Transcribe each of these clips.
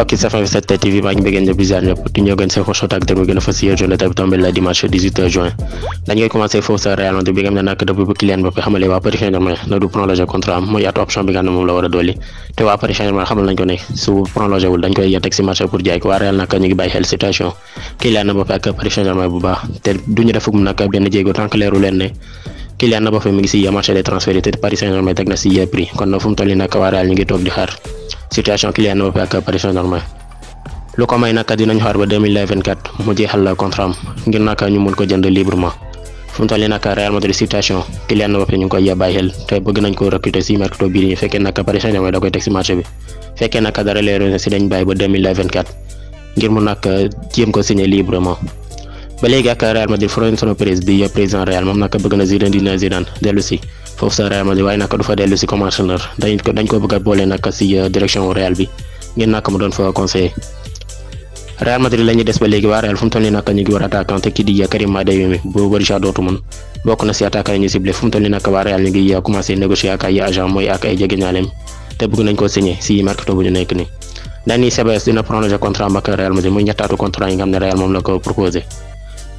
mbokki safin bi 7TV maa ngi bëggeen ñëpp ziar ñëpp di ñëw gën seen xochoot ak dërmu gën a fas yéene journée tey bi tombé le dimanche 18 juin dañu koy commencé foofu sa Real Madrid bi nga xam ne nag depuis bu Kylian Mbappé xamale waa Paris Saint-Germain na du prolongé contrat am mooy yaatu option bi nga xam ne moom la war a dolli te waa Paris Saint-Germain xamal nañ ko ne su prolongé wul dañ koy yeteg si marché pour jaay ko waa Real nag ñu ngi bàyyi xel situation Kylian Mbappé ak Paris Saint-Germain bu baax te duñu defagum nag benn jéego tant que leeru leen ne Kylian Mbappé mi ngi si marché des transferts te Paris Saint-Germain teg na si prix kon na fu mu toll nag waa Real ñu ngi toog di xaar situation Kylian Mbappé ak Paris Saint-Germain lu ko may nag dinañ xaar ba 2024 mu jeexal contrat am ngir nag ñu mun ko jënd librement fu mu toll nii nag Real Madrid situation Kylian Mbappé ñu ngi koy bàyyi xel te bëgg nañ ko recruter si mercato bii nii fekkee nag Paris saint da koy teg si marché bi fekkee nag dara leeru si dañ bàyyi ba ngir mu nag jéem ko signer librement. ba léegi ak Real Madrid Florentino Pérez di président Real moom nag bëgg foofu sa Real Madrid waaye naka du fa dellu si comme entraîneur dañ ko dañ a boole naka si euh, direction Real bi ngeen naka mu doon fa conseiller Real Madrid la des ba léegi waa Real fu mu toll nii naka ñu ngi war attaquant te kii di euh, Karim Adeyemi bu Borussia yi mu toll nii naka waa Real ñu euh, ak ay agent mooy te bëgg nañ ko signé si mercato bu ñu nekk nii Dani Ceballos dina prolonger contrat am Real Madrid muy ñettaatu contrat yi nga ne Real moom la ko proposé.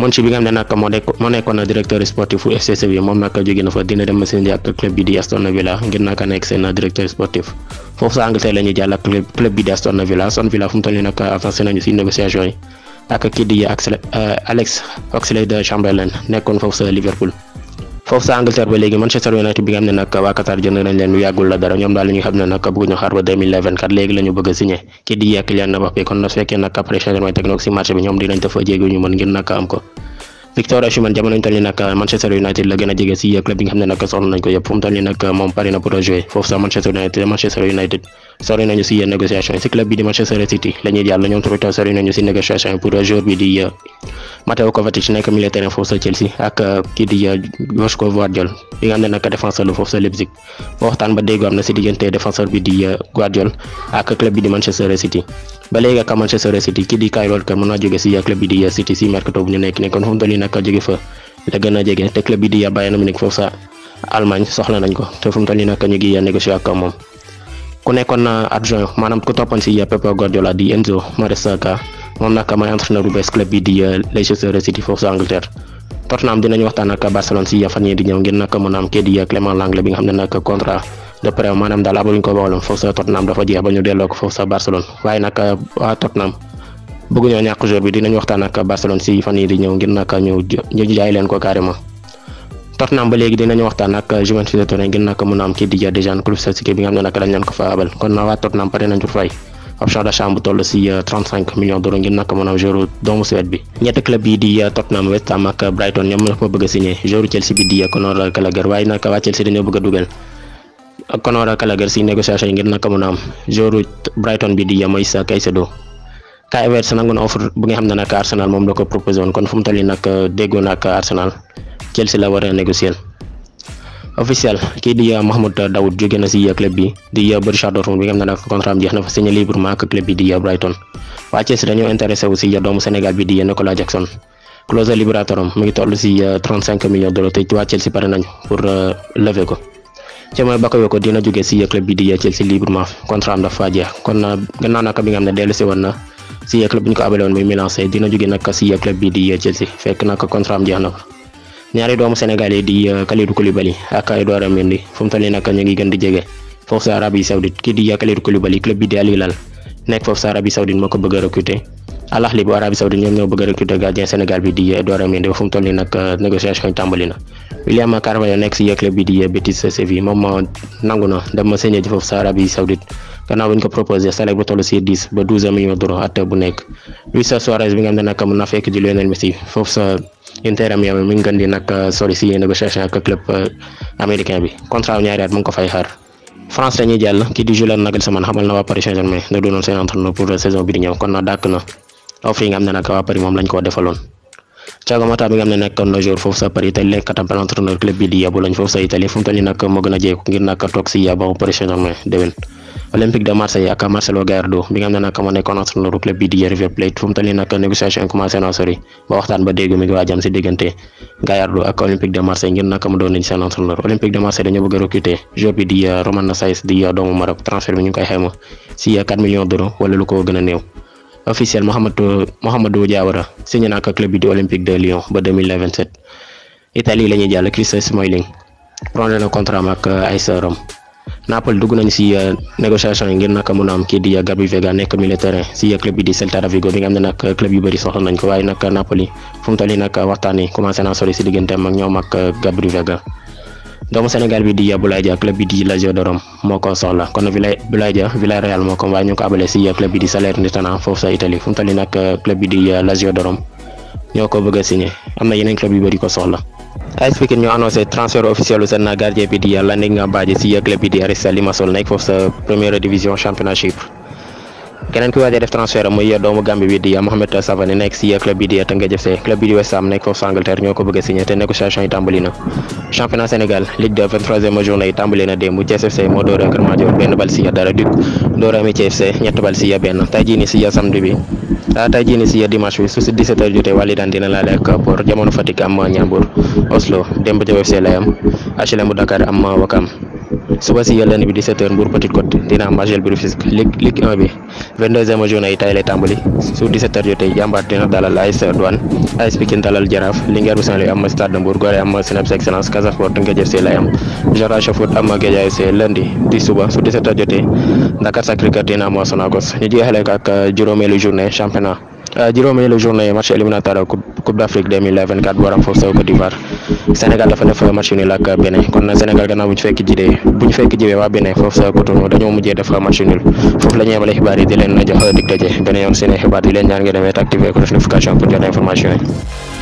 Monchi bi nga xam ne nag moo nekk moo nekkoon directeur sportif bu FC Séville moom nag jóge na fa dina dem Sénégal ak club bi di Aston Villa ngir nag nekk seen directeur sportif foofu sa Angleterre la jàll club bi di Aston Villa Aston Villa fu mu toll nii nag nañu si négociation yi ak kii di euh, Alex Oxlade-Chamberlain nekkoon foofu sa Liverpool. foofu sa Angleterre ba léegi Manchester United bi nga xam ne nag waa Qatar jënd nañ leen lu yàggul la dara ñoom daal li nga ne nag bëgguñu xaar ba 2024 léegi la ñu bëgg a di yàq na wax bi kon na fekkee nag après changement technique marché bi ñoom dinañ dafa jéego ñu mën ngir nag am ko Victor Osimhen jamono ñu toll nii euh, Manchester United la gën a jege si euh, club yi yëpp euh, moom pare na pour a foofu sax Manchester United Manchester United sori si négociation si club bi di Manchester City la ñuy jàll ñoom tamit sori nañu si négociation pour joueur bi di Mateo Kovacic nekk milieu foofu sa Chelsea ak kii di Joško Gvardiol bi nag défenseur la foofu sa Leipzig ba waxtaan ba déggoo am na si diggante défenseur bi di Gvardiol ba léegi ak Manchester City kii di Kyle Walker mën naa jóge si club bi di City si mercato bu ñu nekk ni kon fu mu toll nii fa la gën a jege te club bi di Bayern Munich foofu sa Allemagne soxla nañ ko te fu mu toll ñu ngi négocier ak moom. moom nag mooy entraîneur bu bees club bi di euh, Leicester City foofu sa Angleterre. Tottenham dinañ waxtaan ak Barcelone si fan yii di ngir nag mën a am kii di euh, Clément Lenglet bi nga xam de près maanaam daal amuñu ko waxaloon foofu sa Tottenham dafa jeex ba ñu delloo ko foofu sa Barcelone waaye nag euh, waa Tottenham bëgguñoo ñàkk jour bi dinañ waxtaan ak Barcelone si fan yii di ñëw ngir nag mën am kii euh, doomu Suède bi ñetti club yi di euh, Tottenham West Ham ak Brighton ñoom la ko bëgg a signé Chelsea bi di Conor Gallagher waaye naka waa Chelsea dañoo bëgg dugal Conor ak Gallagher si négociation yi ngir naka mun am joueur Brighton bi di Moisés Caicedo Kai Havertz nangu na offre bu nga xam ne nag Arsenal moom la ko proposé woon kon fu mu toll nii nag euh, déggoo na ak Arsenal Chelsea la war a négocier officiel kii di euh, Mahmoud Daoud jóge na si euh, club bi di Borussia Dortmund bi nga xam ne nag contrat am jeex na fa signé librement ak club bi di Brighton waa Chelsea dañoo intéressé wu si doomu Sénégal bi mu ngi toll si 35 millions de dollars te waa Chelsea pare ca Jamel Bakayoko dina jóge si club bi di Chelsea librement contrat am dafa jeex kon euh, gannaaw naka bi nga xam ne dellu si woon na si club dina jóge nag si club bi di euh, Chelsea fekk nag contrat am jeex na ko ñaari doomu Sénégal yi di euh, Kalidou Koulibaly ak Edouard Mendy fu mu toll nii nag ñu ngi gën di jege foofu sa Arabie Saoudite kii di Kalidou Koulibaly club bi di Al Hilal nekk foofu sa Arabie Saoudite moo ko bëgg a Al Ahly bu Arabie Saoudite ñoom ñoo bëgg a recruter gardien Sénégal bi di Edouard Mendy ba fu mu toll nii nag euh, négociation yi tàmbali William Carvalho nekk nekk si euh, négociation club euh, américain bi contrat wu ñaari at mu ngi fay xaar. France dañuy jàll kii di Julian Nagelsmann xamal na waa Paris Saint-Germain ne doonoon seen entraîneur pour saison bi di ñëw kon na dàkk na. offre yi nga xam ne nag waa Paris moom lañ koo defaloon Thiago Motta mi nga xam ne nekkoon na joueur foofu sa Paris Italie nekk tam entraîneur club bi di yabu foofu sa Italie fu mu toll nii nag gën a jéego ba waxtaan ba dégg mi waajam si diggante Gallardo ak Olympique de Marseille ngir nag mu doon seen entraîneur Olympique de Marseille dañoo bëgg a recruter joueur bi di euh, Romain Saïs di euh, doomu Maroc transfert bi ñu koy xayma si 4 officiel Mouhamadou Mouhamadou Diawara signé na ak club bi di Olympique de Lyon ba 2027 Italie la ñuy jàll Chris Smalling prolongé na contrat ak euh, AS Rome Napoli dugg nañ si euh, négociation yi ngir naka mën a am kii di euh, Gabi Vega nekk milieu terrain si club bi di Celta Vigo bi nga xam ne nag club yu bëri soxla nañ ko waaye nag Napoli fu mu toll nii nag waxtaan yi commencé naa sori si digganteem ak ñoom ak Gabi Vega doomu Sénégal bi di Boulaye Dia club bi di Lazio de Rome moo ko soxla kon Boulaye Dia Villarreal moo ko waaye ñu ko abale si euh, club bi di Salernitana foofu sa Italie fu mu nag euh, club bi di euh, Lazio de Rome ñoo ko bëgg a signé am na yeneen club yu bëri ko soxla. AS Pikine ñoo annoncé transfert officiel seen gardien bi di Landing Mbadji si club bi di Aris Limassol nekk foofu sa première division championnat Chypre. keneen ki waaj a def transfert muy doomu Gambie bi di Mohamed Savané nekk si club bi di Teungueth FC club bi di West Ham nekk foofu sa ñoo ko bëgg a te négociation yi tàmbali championnat Sénégal Ligue de 23e journée yi tàmbali na démb Thiès moo door a Kër benn bal si dara dugg door a Amitié ñett bal si benn tey jii nii si samedi bi ah, tey jii nii si dimanche bi su si 17 jotee wàlli suba si yàlla bi 17h Mbour Petite dina am Majel bi Rufisque Ligue bi 22e journée yi tey lay tàmbali su 17h jotee jàmbaar dina dalal AS Douane AS Pikine dalal Jaraaf Linguère bu saint am Stade de Mbour am Cneps Excellence Casa Sport Teungueth FC lay am Génération Foot am Guédiawaye di suba su 17h jotee Dakar Sacré-Cœur dina am Sonacos ñu jeexale ak euh, juróomeelu journée championnat. Euh, juróomeelu journée match éliminatoire coupe d'Afrique 2024 bu war am foofu sa Côte d'Ivoire Sénégal dafa def match nul ak Bénin kon Sénégal gannaaw bu fekk jidee bu fekk jiwee waa Bénin foofu sa Cotonou dañoo mujjee def match nul foofu la yemale xibaar yi di leen jox dig daje beneen yoon seen xibaar di leen ñaan ngeen demee activer ko notification pour jot information